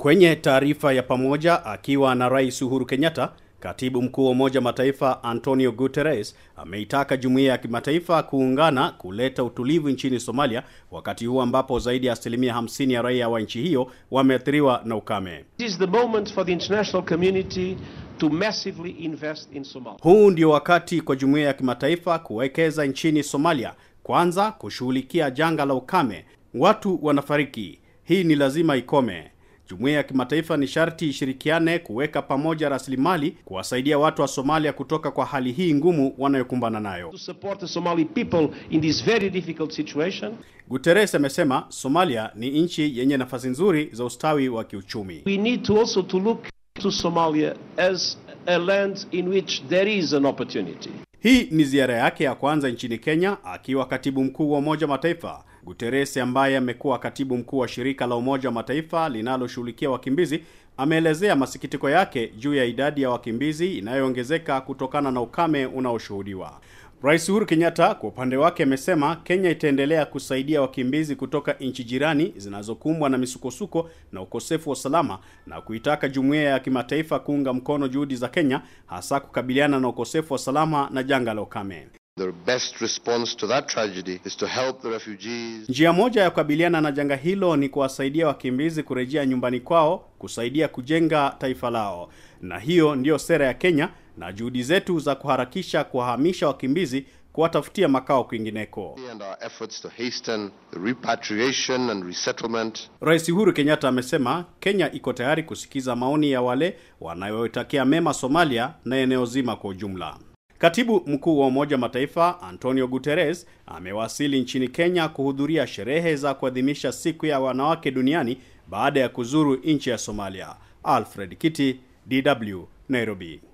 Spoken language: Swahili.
Kwenye taarifa ya pamoja akiwa na Rais Uhuru Kenyatta, Katibu Mkuu wa Umoja Mataifa Antonio Guterres ameitaka jumuiya ya kimataifa kuungana kuleta utulivu nchini Somalia wakati huu ambapo zaidi ya asilimia 50 ya raia wa nchi hiyo wameathiriwa na ukame. is the moment for the international community to massively invest in Somalia. Huu ndio wakati kwa jumuiya ya kimataifa kuwekeza nchini Somalia, kwanza kushughulikia janga la ukame. Watu wanafariki, hii ni lazima ikome. Jumuiya ya kimataifa ni sharti ishirikiane kuweka pamoja rasilimali kuwasaidia watu wa Somalia kutoka kwa hali hii ngumu wanayokumbana nayo. Guterres amesema Somalia ni nchi yenye nafasi nzuri za ustawi wa kiuchumi. We need to also to look to Somalia as a land in which there is an opportunity. Hii ni ziara yake ya kwanza nchini Kenya akiwa katibu mkuu wa Umoja Mataifa Guterres ambaye amekuwa katibu mkuu wa shirika la Umoja wa Mataifa linaloshughulikia wakimbizi ameelezea masikitiko yake juu ya idadi ya wakimbizi inayoongezeka kutokana na ukame unaoshuhudiwa. Rais Uhuru Kenyatta kwa upande wake amesema Kenya itaendelea kusaidia wakimbizi kutoka nchi jirani zinazokumbwa na misukosuko na ukosefu wa usalama na kuitaka jumuiya ya kimataifa kuunga mkono juhudi za Kenya hasa kukabiliana na ukosefu wa usalama na janga la ukame. Njia moja ya kukabiliana na janga hilo ni kuwasaidia wakimbizi kurejea nyumbani kwao, kusaidia kujenga taifa lao. Na hiyo ndiyo sera ya Kenya na juhudi zetu za kuharakisha kuwahamisha wakimbizi kuwatafutia makao kwingineko. Rais Uhuru Kenyatta amesema Kenya iko tayari kusikiza maoni ya wale wanayotakia mema Somalia na eneo zima kwa ujumla. Katibu mkuu wa Umoja Mataifa Antonio Guterres amewasili nchini Kenya kuhudhuria sherehe za kuadhimisha siku ya wanawake duniani baada ya kuzuru nchi ya Somalia. Alfred Kiti, DW, Nairobi.